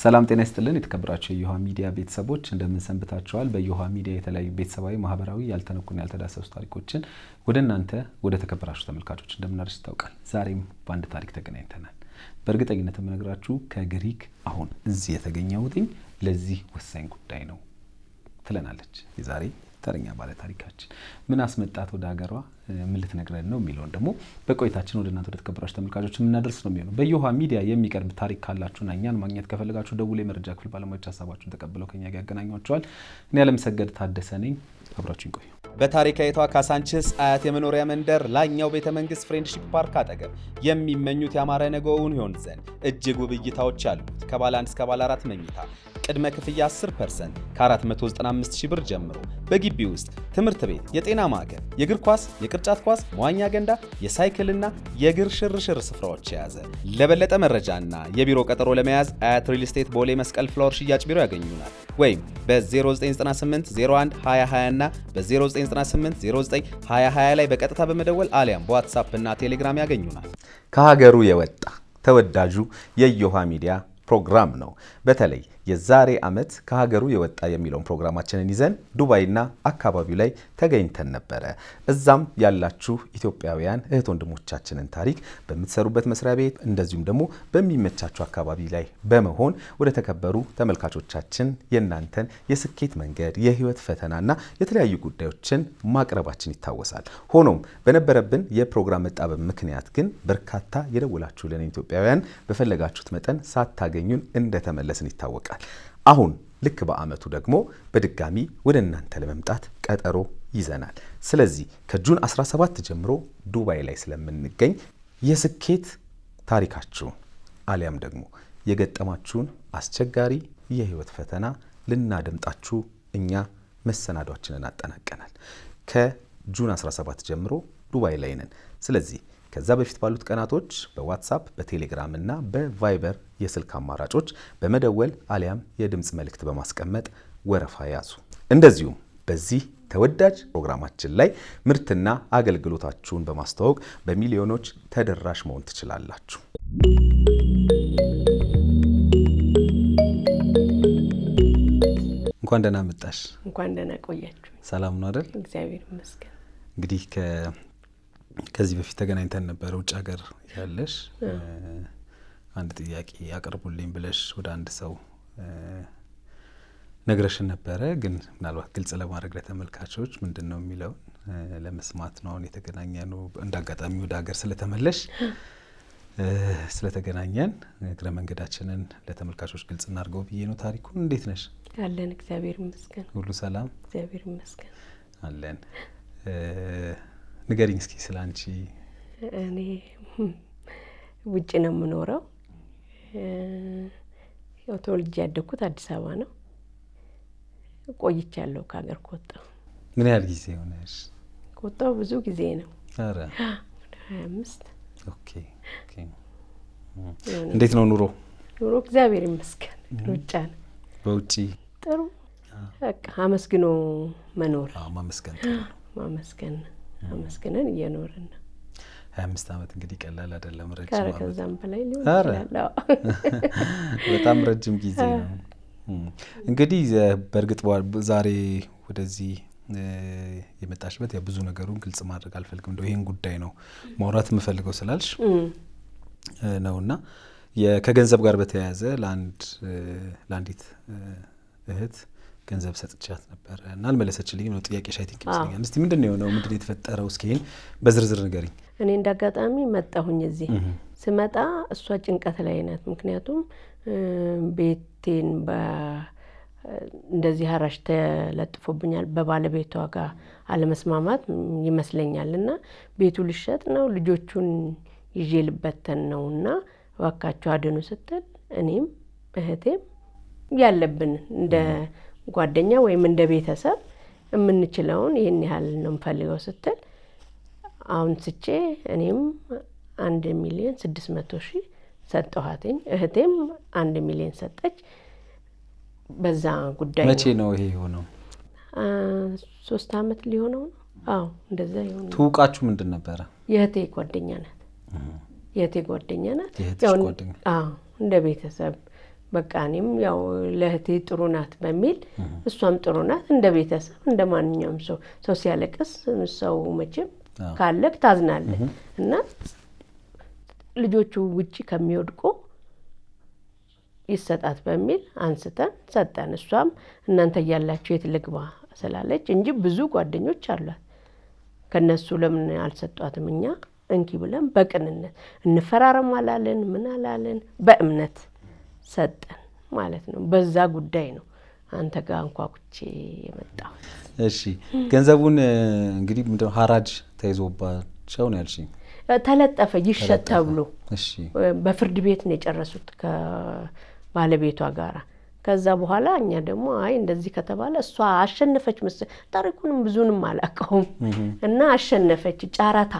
ሰላም ጤና ይስጥልን። የተከበራቸው የእዮሃ ሚዲያ ቤተሰቦች እንደምን ሰንብታችኋል? በእዮሃ ሚዲያ የተለያዩ ቤተሰባዊ፣ ማህበራዊ ያልተነኩን ያልተዳሰሱ ታሪኮችን ወደ እናንተ ወደ ተከበራችሁ ተመልካቾች እንደምናደርስ ይታውቃል። ዛሬም በአንድ ታሪክ ተገናኝተናል። በእርግጠኝነት የምነግራችሁ ከግሪክ አሁን እዚህ የተገኘሁትኝ ለዚህ ወሳኝ ጉዳይ ነው ትለናለች የዛሬ ተረኛ ታሪካችን ምን አስመጣት ወደ ሀገሯ ምልት ነግረን ነው የሚለውን ደግሞ በቆይታችን ወደ እናንተ ወደ ተከበራችሁ ተመልካቾች የምናደርስ ነው የሚሆነው። በየውሃ ሚዲያ የሚቀርብ ታሪክ ካላችሁና እኛን ማግኘት ከፈለጋችሁ ደውሎ የመረጃ ክፍል ባለሙያዎች ሀሳባችሁን ተቀብለው ከኛ ጋር ያገናኟቸዋል። እኔ አለምሰገድ ታደሰ ነኝ። አብራችሁን ቆዩ። በታሪካዊቷ ካሳንችስ አያት የመኖሪያ መንደር ላይኛው ቤተ መንግስት ፍሬንድሺፕ ፓርክ አጠገብ የሚመኙት ያማረ ነገውን ይሆን ዘንድ እጅግ ውብ እይታዎች አሉት። ከባለ አንድ እስከ ባለ አራት መኝታ ቅድመ ክፍያ 10% ከ495 ሺህ ብር ጀምሮ በግቢ ውስጥ ትምህርት ቤት፣ የጤና ማዕከል፣ የእግር ኳስ፣ የቅርጫት ኳስ፣ መዋኛ ገንዳ፣ የሳይክልና የእግር ሽርሽር ስፍራዎች የያዘ። ለበለጠ መረጃና የቢሮ ቀጠሮ ለመያዝ አያት ሪል ስቴት ቦሌ መስቀል ፍላወር ሽያጭ ቢሮ ያገኙናል ወይም በ0998 01 2020 እና በ0998 09 2020 ላይ በቀጥታ በመደወል አሊያም በዋትሳፕ እና ቴሌግራም ያገኙናል። ከሀገሩ የወጣ ተወዳጁ የእዮሃ ሚዲያ ፕሮግራም ነው። በተለይ የዛሬ ዓመት ከሀገሩ የወጣ የሚለውን ፕሮግራማችንን ይዘን ዱባይና አካባቢው ላይ ተገኝተን ነበረ። እዛም ያላችሁ ኢትዮጵያውያን እህት ወንድሞቻችንን ታሪክ በምትሰሩበት መስሪያ ቤት እንደዚሁም ደግሞ በሚመቻችሁ አካባቢ ላይ በመሆን ወደ ተከበሩ ተመልካቾቻችን የእናንተን የስኬት መንገድ የህይወት ፈተናና የተለያዩ ጉዳዮችን ማቅረባችን ይታወሳል። ሆኖም በነበረብን የፕሮግራም መጣበብ ምክንያት ግን በርካታ የደወላችሁልን ኢትዮጵያውያን በፈለጋችሁት መጠን ሳታገኙን እንደተመለስን ይታወቃል። ይጠብቃል። አሁን ልክ በአመቱ ደግሞ በድጋሚ ወደ እናንተ ለመምጣት ቀጠሮ ይዘናል። ስለዚህ ከጁን 17 ጀምሮ ዱባይ ላይ ስለምንገኝ የስኬት ታሪካችሁን አሊያም ደግሞ የገጠማችሁን አስቸጋሪ የህይወት ፈተና ልናደምጣችሁ እኛ መሰናዷችንን አጠናቀናል። ከጁን 17 ጀምሮ ዱባይ ላይ ነን። ስለዚህ ከዛ በፊት ባሉት ቀናቶች በዋትሳፕ በቴሌግራም እና በቫይበር የስልክ አማራጮች በመደወል አሊያም የድምፅ መልእክት በማስቀመጥ ወረፋ ያዙ። እንደዚሁም በዚህ ተወዳጅ ፕሮግራማችን ላይ ምርትና አገልግሎታችሁን በማስተዋወቅ በሚሊዮኖች ተደራሽ መሆን ትችላላችሁ። እንኳን ደህና መጣሽ። እንኳን ደህና ቆያችሁ። ሰላም ነው አይደል? እግዚአብሔር ይመስገን። እንግዲህ ከዚህ በፊት ተገናኝተን ነበረ። ውጭ ሀገር ያለሽ አንድ ጥያቄ አቅርቡልኝ ብለሽ ወደ አንድ ሰው ነግረሽን ነበረ። ግን ምናልባት ግልጽ ለማድረግ ለተመልካቾች ምንድን ነው የሚለውን ለመስማት ነው አሁን የተገናኘ ነው። እንደ አጋጣሚ ወደ ሀገር ስለተመለሽ ስለተገናኘን እግረ መንገዳችንን ለተመልካቾች ግልጽ እናድርገው ብዬ ነው። ታሪኩን እንዴት ነሽ? አለን። እግዚአብሔር ይመስገን። ሁሉ ሰላም። እግዚአብሔር ይመስገን። አለን ንገሪኝ እስኪ ስለ አንቺ። እኔ ውጭ ነው የምኖረው። ያው ተወልጄ ያደግኩት አዲስ አበባ ነው። ቆይቻለሁ ከሀገር ከወጣሁ። ምን ያህል ጊዜ ሆነሽ? ከወጣሁ ብዙ ጊዜ ነው። ወደ ሀያ አምስት ኦኬ። እንዴት ነው ኑሮ? ኑሮ እግዚአብሔር ይመስገን። ሩጫ ነው በውጪ ጥሩ በቃ አመስግኖ መኖር ማመስገን ማመስገን ነው። አመስግነን እየኖርን ነው። ሀያ አምስት ዓመት እንግዲህ ቀላል አይደለም፣ ረጅም ዓመት ከዛም በላይ ሊሆን ይችላል። በጣም ረጅም ጊዜ ነው። እንግዲህ በእርግጥ ዛሬ ወደዚህ የመጣሽበት ብዙ ነገሩን ግልጽ ማድረግ አልፈልግም፣ እንደው ይህን ጉዳይ ነው ማውራት የምፈልገው ስላልሽ ነውና ከገንዘብ ጋር በተያያዘ ለአንዲት እህት ገንዘብ ሰጥቻት ነበረ እና አልመለሰችልኝም ነው ጥያቄ ሻይት ቲንክ ይመስለኛል። እስቲ ምንድን ነው የሆነው? ምንድን የተፈጠረው? እስኪ በዝርዝር ንገሪኝ። እኔ እንደ አጋጣሚ መጣሁኝ እዚህ ስመጣ እሷ ጭንቀት ላይ ናት። ምክንያቱም ቤቴን እንደዚህ አራሽ ተለጥፎብኛል በባለቤቷ ጋር አለመስማማት ይመስለኛል እና ቤቱ ልሸጥ ነው ልጆቹን ይዤ ልበተን ነው እና እባካችሁ አድኑ ስትል እኔም እህቴም ያለብን እንደ ጓደኛ ወይም እንደ ቤተሰብ የምንችለውን ይህን ያህል ነው የምፈልገው ስትል አሁን ስቼ እኔም አንድ ሚሊዮን ስድስት መቶ ሺህ ሰጠኋትኝ። እህቴም አንድ ሚሊዮን ሰጠች። በዛ ጉዳይ መቼ ነው ይሄ የሆነው? ሶስት አመት ሊሆነው ነው። አዎ እንደዛ ይሆን። ትውቃችሁ ምንድን ነበረ? የእህቴ ጓደኛ ናት። የእህቴ ጓደኛ ናት። እንደ ቤተሰብ በቃ እኔም ያው ለእህቴ ጥሩ ናት በሚል እሷም ጥሩ ናት። እንደ ቤተሰብ እንደ ማንኛውም ሰው ሰው ሲያለቅስ ሰው መቼም ካለቅ ታዝናለ እና ልጆቹ ውጭ ከሚወድቁ ይሰጣት በሚል አንስተን ሰጠን። እሷም እናንተ እያላችሁ የት ልግባ ስላለች እንጂ ብዙ ጓደኞች አሏት። ከነሱ ለምን አልሰጧትም? እኛ እንኪ ብለን በቅንነት እንፈራረም አላለን ምን አላለን በእምነት ሰጠን ማለት ነው። በዛ ጉዳይ ነው አንተ ጋር አንኳኩቼ የመጣው። እሺ ገንዘቡን እንግዲህ ሀራጅ ተይዞባቸው ነው ያልሽ? ተለጠፈ ይሸጥ ተብሎ በፍርድ ቤት ነው የጨረሱት ከባለቤቷ ጋራ። ከዛ በኋላ እኛ ደግሞ አይ እንደዚህ ከተባለ እሷ አሸነፈች መሰለኝ። ታሪኩንም ብዙንም አላውቀውም እና አሸነፈች ጫራታ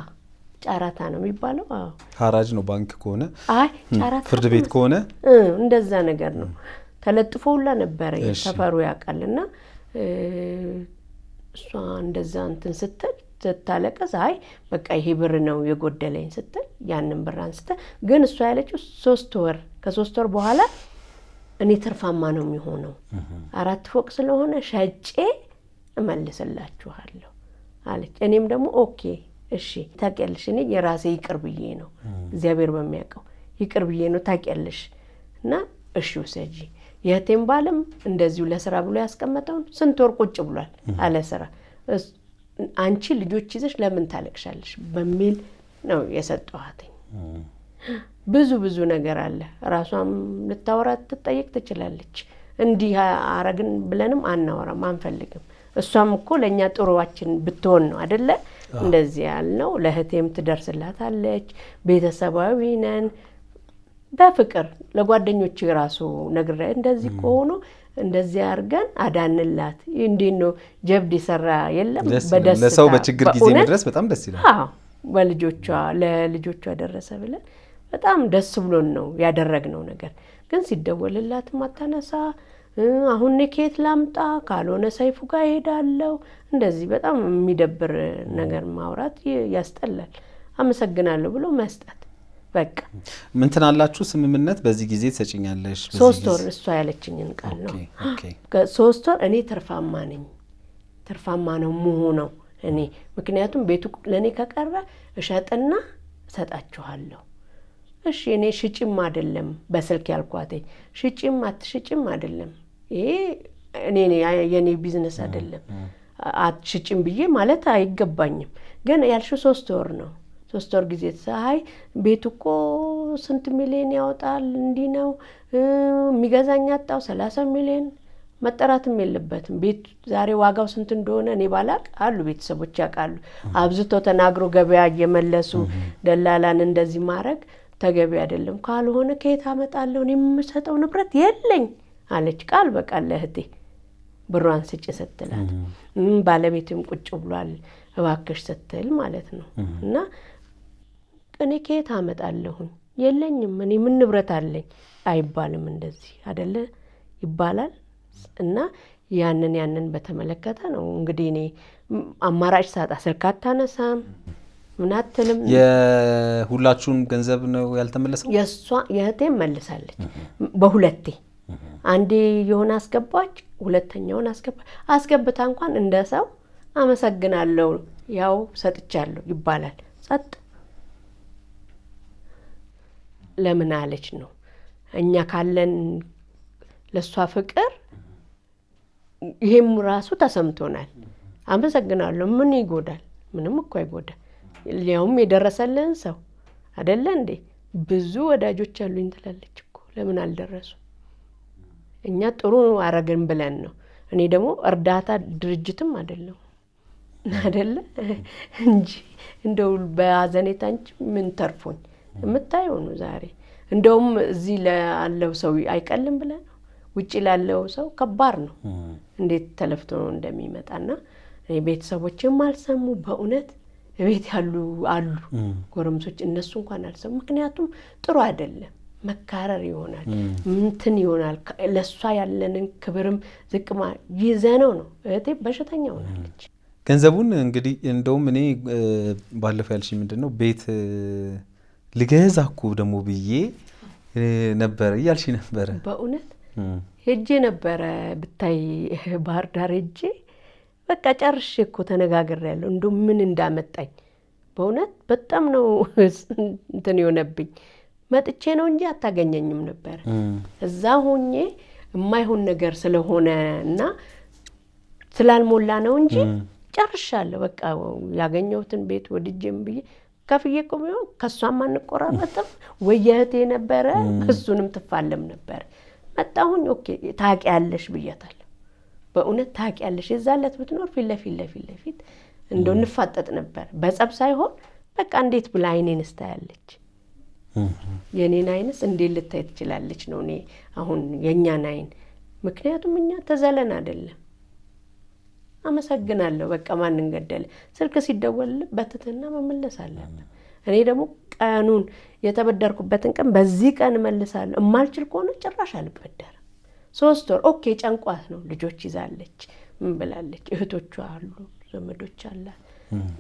ጨረታ ነው የሚባለው። አዎ ሀራጅ ነው ባንክ ከሆነ አይ ጨረታ፣ ፍርድ ቤት ከሆነ እንደዛ ነገር ነው። ተለጥፎ ሁላ ነበረ ሰፈሩ ያውቃልና እሷ እንደዛ እንትን ስትል ስታለቀስ አይ በቃ ይሄ ብር ነው የጎደለኝ ስትል ያንን ብር አንስተ ግን እሷ ያለችው ሶስት ወር ከሶስት ወር በኋላ እኔ ትርፋማ ነው የሚሆነው አራት ፎቅ ስለሆነ ሸጬ እመልስላችኋለሁ አለች። እኔም ደግሞ ኦኬ እሺ ታውቂያለሽ፣ እኔ የራሴ ይቅር ብዬ ነው እግዚአብሔር በሚያውቀው ይቅር ብዬ ነው ታውቂያለሽ፣ እና እሺ ውሰጂ። የእህቴም ባልም እንደዚሁ ለስራ ብሎ ያስቀመጠውን ስንት ወር ቁጭ ብሏል አለ ስራ። አንቺ ልጆች ይዘሽ ለምን ታለቅሻለሽ በሚል ነው የሰጠኋትኝ። ብዙ ብዙ ነገር አለ። ራሷም ልታወራ ትጠየቅ ትችላለች። እንዲህ አረግን ብለንም አናወራም አንፈልግም። እሷም እኮ ለእኛ ጥሩዋችን ብትሆን ነው አደለ እንደዚህ ያልነው ለእህቴም ትደርስላታለች። ቤተሰባዊ ነን በፍቅር ለጓደኞች ራሱ ነግረ እንደዚህ ከሆኑ እንደዚህ አድርገን አዳንላት። እንዴት ነው ጀብድ ይሰራ የለም። በደስታ ለሰው በችግር ጊዜ መድረስ በጣም ደስ ይላል። በልጆቿ ለልጆቿ ደረሰ ብለን በጣም ደስ ብሎን ነው ያደረግነው ነገር። ግን ሲደወልላት ማታነሳ አሁን እኔ ላምጣ ካልሆነ ሰይፉ ጋር እሄዳለሁ። እንደዚህ በጣም የሚደብር ነገር ማውራት ያስጠላል። አመሰግናለሁ ብሎ መስጠት በቃ ምን ትናላችሁ? ስምምነት በዚህ ጊዜ ትሰጭኛለሽ። ሶስት ወር እሷ ያለችኝን ቃል ነው። ሶስት ወር እኔ ትርፋማ ነኝ ትርፋማ ነው ሙሁ ነው እኔ ምክንያቱም ቤቱ ለእኔ ከቀረ እሸጥና እሰጣችኋለሁ። እሺ እኔ ሽጭም አይደለም በስልክ ያልኳት ሽጭም አትሽጭም አይደለም ይሄ እኔ የእኔ ቢዝነስ አይደለም አትሽጭም ብዬ ማለት አይገባኝም። ግን ያልሽው ሶስት ወር ነው። ሶስት ወር ጊዜ ተሳሀይ ቤቱ እኮ ስንት ሚሊዮን ያወጣል እንዲህ ነው የሚገዛኝ ያጣው ሰላሳ ሚሊዮን መጠራትም የለበትም። ቤት ዛሬ ዋጋው ስንት እንደሆነ እኔ ባላቅ አሉ ቤተሰቦች ያውቃሉ። አብዝቶ ተናግሮ ገበያ እየመለሱ ደላላን እንደዚህ ማድረግ ተገቢ አይደለም። ካልሆነ ከየት አመጣለሁ? እኔ የምሰጠው ንብረት የለኝ። አለች። ቃል በቃል ለእህቴ ብሯን ስጭ ስትላት ባለቤትም ቁጭ ብሏል እባክሽ ስትል ማለት ነው። እና እኔ ከየት አመጣለሁኝ የለኝም እኔ ምን ንብረት አለኝ አይባልም። እንደዚህ አደለ ይባላል። እና ያንን ያንን በተመለከተ ነው እንግዲህ እኔ አማራጭ ሳጣ ስልክ አታነሳም ምን አትልም። ገንዘብ ነው ያልተመለሰው። የእሷ የእህቴም መልሳለች በሁለቴ አንዴ የሆነ አስገባች፣ ሁለተኛውን አስገባ አስገብታ እንኳን እንደ ሰው አመሰግናለሁ ያው ሰጥቻለሁ ይባላል። ጸጥ ለምን አለች ነው እኛ ካለን ለእሷ ፍቅር ይሄም ራሱ ተሰምቶናል። አመሰግናለሁ ምን ይጎዳል? ምንም እኮ አይጎዳል። ያውም የደረሰልን ሰው አደለ እንዴ? ብዙ ወዳጆች አሉኝ ትላለች እኮ ለምን አልደረሱ እኛ ጥሩ አረግን ብለን ነው። እኔ ደግሞ እርዳታ ድርጅትም አይደለም አደለ እንጂ እንደው በአዘኔታ እንጂ ምን ተርፎኝ የምታየው ነው ዛሬ። እንደውም እዚህ ላለው ሰው አይቀልም ብለ ነው፣ ውጭ ላለው ሰው ከባድ ነው እንዴት ተለፍቶ ነው እንደሚመጣና ቤተሰቦችም አልሰሙ በእውነት ቤት ያሉ አሉ ጎረምሶች፣ እነሱ እንኳን አልሰሙ። ምክንያቱም ጥሩ አይደለም። መካረር ይሆናል ምንትን ይሆናል። ለእሷ ያለንን ክብርም ዝቅማ ይዘነው ነው እህቴ በሽተኛ ሆናለች። ገንዘቡን እንግዲህ እንደውም እኔ ባለፈው ያልሽ ምንድን ነው ቤት ልገዛ እኮ ደግሞ ብዬ ነበረ እያልሽ ነበረ። በእውነት ሄጄ ነበረ ብታይ ባህር ዳር ሄጄ በቃ ጨርሼ እኮ ያለሁ እንደ ምን እንዳመጣኝ በእውነት በጣም ነው እንትን የሆነብኝ። መጥቼ ነው እንጂ አታገኘኝም ነበር። እዛ ሆኜ የማይሆን ነገር ስለሆነ እና ስላልሞላ ነው እንጂ ጨርሻለሁ። በቃ ያገኘሁትን ቤት ወድጄም ብዬ ከፍዬ እኮ ቢሆን ከእሷም አንቆራረጥም። ወይ እህቴ ነበረ እሱንም ትፋለም ነበር። መጣሁኝ። ኦኬ ታውቂያለሽ ብያታለሁ። በእውነት ታውቂያለሽ። የዛለት ብትኖር ፊት ለፊት ለፊት ለፊት እንደው እንፋጠጥ ነበር። በጸብ ሳይሆን በቃ እንዴት ብላ አይኔን ስታያለች የእኔን አይንስ እንዴት ልታይ ትችላለች ነው እኔ አሁን የእኛን አይን ምክንያቱም እኛ ተዘለን አይደለም አመሰግናለሁ በቃ ማንን ገደለ ስልክ ሲደወል በትትና መመለስ አለብን እኔ ደግሞ ቀኑን የተበደርኩበትን ቀን በዚህ ቀን እመልሳለሁ እማልችል ከሆነ ጭራሽ አልበደርም ሶስት ወር ኦኬ ጨንቋት ነው ልጆች ይዛለች ምን ብላለች እህቶቿ አሉ ዘመዶች አላት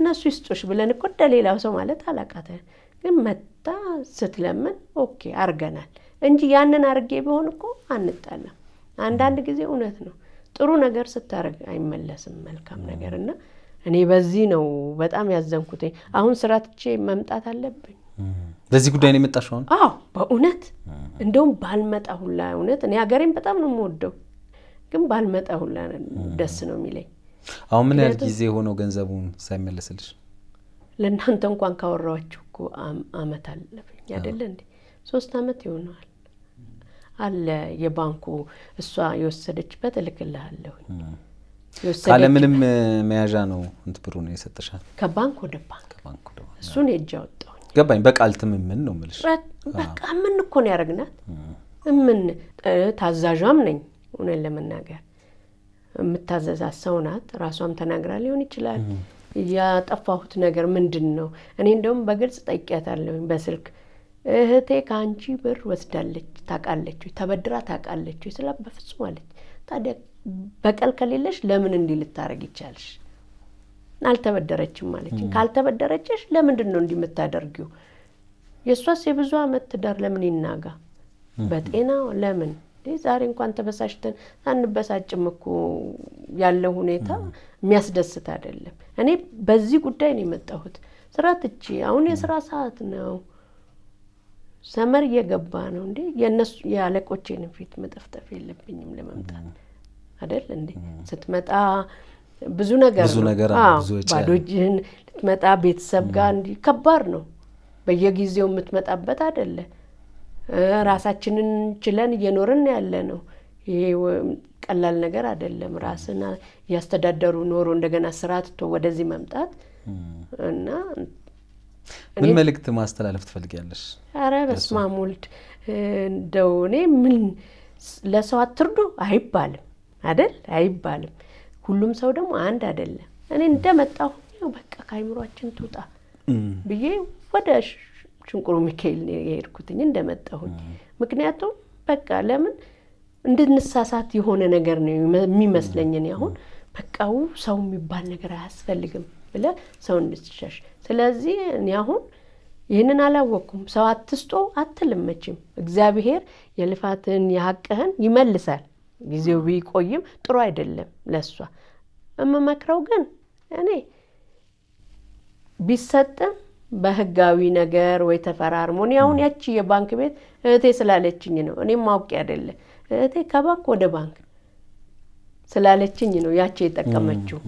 እነሱ ይስጦሽ ብለን እኮ እንደ ሌላው ሰው ማለት አላቃተ ግን መጣ ስትለምን ኦኬ አርገናል እንጂ ያንን አርጌ ቢሆን እኮ አንጣለም። አንዳንድ ጊዜ እውነት ነው፣ ጥሩ ነገር ስታደርግ አይመለስም መልካም ነገር እና እኔ በዚህ ነው በጣም ያዘንኩትኝ። አሁን ስራ ትቼ መምጣት አለብኝ። በዚህ ጉዳይ ነው የመጣሽው? አዎ በእውነት እንደውም ባልመጣ ሁላ እውነት እኔ ሀገሬን በጣም ነው የምወደው፣ ግን ባልመጣ ሁላ ደስ ነው የሚለኝ። አሁን ምን ያህል ጊዜ የሆነው ገንዘቡን ሳይመለስልሽ? ለእናንተ እንኳን ካወራኋችሁ እኮ አመት አለፈኝ አይደለ እንዴ? ሶስት አመት ይሆነዋል አለ የባንኩ እሷ የወሰደችበት እልክልሃለሁኝ። ካለምንም መያዣ ነው እንትብሩ ነው የሰጠሻል። ከባንክ ወደ ባንክ እሱን የእጅ አወጣሁኝ። ገባኝ። በቃል ትምምን ነው የምልሽ። በቃ ምን እኮ ነው ያደረግናት። ምን ታዛዧም ነኝ እውነት ለመናገር የምታዘዛት ሰው ናት። ራሷም ተናግራ ሊሆን ይችላል ያጠፋሁት ነገር ምንድን ነው? እኔ እንደውም በግልጽ ጠይቄያታለሁኝ በስልክ እህቴ ከአንቺ ብር ወስዳለች ታውቃለች ወይ ተበድራ ታውቃለች ወይ ስላ በፍጹም አለች። ታዲያ በቀል ከሌለሽ ለምን እንዲህ ልታደርግ ይቻልሽ? አልተበደረችም ማለች። ካልተበደረችሽ ለምንድን ነው እንዲህ የምታደርጊው? የእሷስ የብዙ አመት ትዳር ለምን ይናጋ? በጤናው ለምን ዛሬ እንኳን ተበሳሽተን አንበሳጭም እኮ ያለው ሁኔታ የሚያስደስት አይደለም። እኔ በዚህ ጉዳይ ነው የመጣሁት። ስራ ትቼ አሁን የስራ ሰዓት ነው፣ ሰመር እየገባ ነው እንዴ የእነሱ የአለቆቼንም ፊት መጠፍጠፍ የለብኝም ለመምጣት አይደል እንዴ ስትመጣ ብዙ ነገር ባዶ እጅህን ልትመጣ ቤተሰብ ጋር እንዲህ ከባድ ነው። በየጊዜው የምትመጣበት አይደለ ራሳችንን ችለን እየኖርን ያለ ነው። ይሄ ቀላል ነገር አይደለም። ራስን እያስተዳደሩ ኖሮ እንደገና ስራ ትቶ ወደዚህ መምጣት እና ምን መልእክት ማስተላለፍ ትፈልጊያለሽ? ኧረ በስመ አብ ወልድ እንደው እኔ ምን ለሰው አትርዱ አይባልም አደል? አይባልም። ሁሉም ሰው ደግሞ አንድ አይደለም። እኔ እንደመጣሁ በቃ ከአይምሯችን ትውጣ ብዬ ወደ ሽንቁሩ ሚካኤል የሄድኩትኝ እንደመጣሁኝ። ምክንያቱም በቃ ለምን እንድንሳሳት የሆነ ነገር ነው የሚመስለኝን አሁን በቃው ሰው የሚባል ነገር አያስፈልግም ብለ ሰው እንድትሸሽ። ስለዚህ እኔ አሁን ይህንን አላወቅኩም። ሰው አትስጦ አትልመችም። እግዚአብሔር የልፋትን የሀቅህን ይመልሳል። ጊዜው ቢቆይም ጥሩ አይደለም ለሷ። የምመክረው ግን እኔ ቢሰጥም በህጋዊ ነገር ወይ ተፈራርሞ እኔ አሁን ያቺ የባንክ ቤት እህቴ ስላለችኝ ነው። እኔም አውቄ አይደለም እህቴ ከባንክ ወደ ባንክ ስላለችኝ ነው ያቺ የጠቀመችው።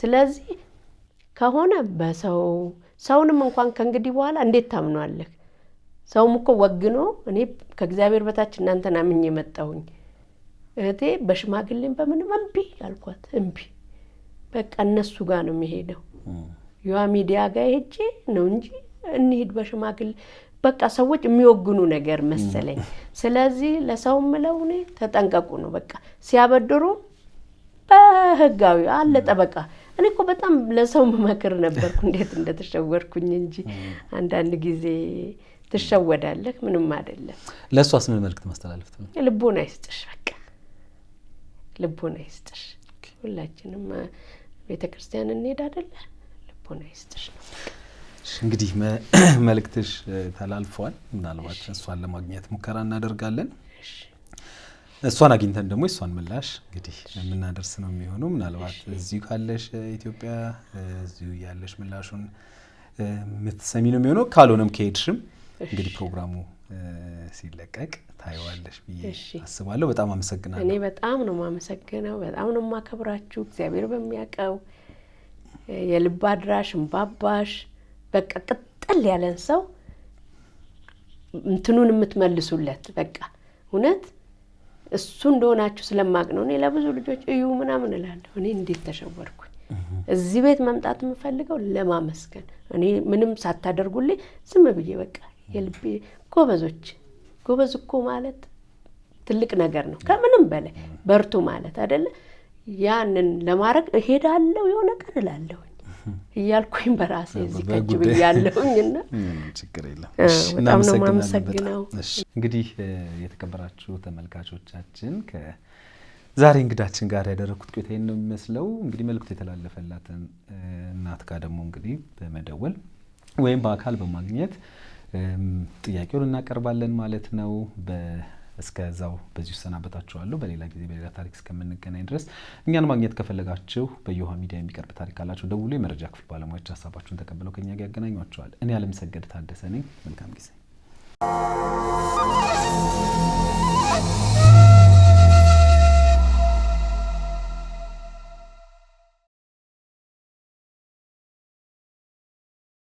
ስለዚህ ከሆነ በሰው ሰውንም እንኳን ከእንግዲህ በኋላ እንዴት ታምኗለህ? ሰውም እኮ ወግኖ እኔ ከእግዚአብሔር በታች እናንተን አምኜ የመጣሁኝ እህቴ በሽማግሌም በምንም እምቢ አልኳት። እምቢ በቃ እነሱ ጋር ነው የሚሄደው። ዩዋ ሚዲያ ጋር ሄጄ ነው እንጂ እንሂድ በሽማግሌ በቃ ሰዎች የሚወግኑ ነገር መሰለኝ። ስለዚህ ለሰው ምለው እኔ ተጠንቀቁ ነው በቃ ሲያበድሩ በህጋዊ አለ ጠበቃ። እኔ እኮ በጣም ለሰው መመክር ነበርኩ እንዴት እንደተሸወድኩኝ እንጂ አንዳንድ ጊዜ ትሸወዳለህ። ምንም አይደለም። ለእሷስ ምን መልእክት ማስተላለፍ? ልቦና ይስጥሽ፣ በቃ ልቦና ይስጥሽ። ሁላችንም ቤተ ክርስቲያን እንሄድ አይደለም? ልቦና ይስጥሽ ነው። እንግዲህ መልእክትሽ ተላልፏል። ምናልባት እሷን ለማግኘት ሙከራ እናደርጋለን። እሷን አግኝተን ደግሞ እሷን ምላሽ እንግዲህ የምናደርስ ነው የሚሆነው። ምናልባት እዚሁ ካለሽ ኢትዮጵያ እዚሁ ያለሽ ምላሹን የምትሰሚ ነው የሚሆነው። ካልሆነም ከሄድሽም እንግዲህ ፕሮግራሙ ሲለቀቅ ታየዋለሽ ብዬ አስባለሁ። በጣም አመሰግናለሁ። እኔ በጣም ነው የማመሰግነው። በጣም ነው የማከብራችሁ እግዚአብሔር በሚያውቀው የልብ አድራሽ እምባባሽ፣ በቃ ቅጠል ያለን ሰው እንትኑን የምትመልሱለት በቃ እውነት እሱ እንደሆናችሁ ስለማቅ ነው። እኔ ለብዙ ልጆች እዩ ምናምን እላለሁ። እኔ እንዴት ተሸወርኩኝ? እዚህ ቤት መምጣት የምፈልገው ለማመስገን፣ እኔ ምንም ሳታደርጉልኝ ዝም ብዬ በቃ የልቤ ጎበዞች። ጎበዝ እኮ ማለት ትልቅ ነገር ነው ከምንም በላይ በርቱ ማለት አይደለም። ያንን ለማድረግ እሄዳለሁ የሆነ ቀን እላለሁ እያልኩኝ በራሴ እዚህ ከጅ ብያለሁኝ እና ችግር የለም በጣም ነው የማመሰግነው። እንግዲህ የተከበራችሁ ተመልካቾቻችን ከዛሬ እንግዳችን ጋር ያደረግኩት ቆይታ ነው የሚመስለው። እንግዲህ መልእክት የተላለፈላትን እናት ጋር ደግሞ እንግዲህ በመደወል ወይም በአካል በማግኘት ጥያቄውን እናቀርባለን ማለት ነው። እስከዛው በዚሁ እሰናበታችኋለሁ። በሌላ ጊዜ በሌላ ታሪክ እስከምንገናኝ ድረስ እኛን ማግኘት ከፈለጋችሁ በየውሃ ሚዲያ የሚቀርብ ታሪክ ካላችሁ ደውሎ የመረጃ ክፍል ባለሙያዎች ሀሳባችሁን ተቀብለው ከኛ ጋር ያገናኟቸዋል። እኔ አለምሰገድ ታደሰ ነኝ። መልካም ጊዜ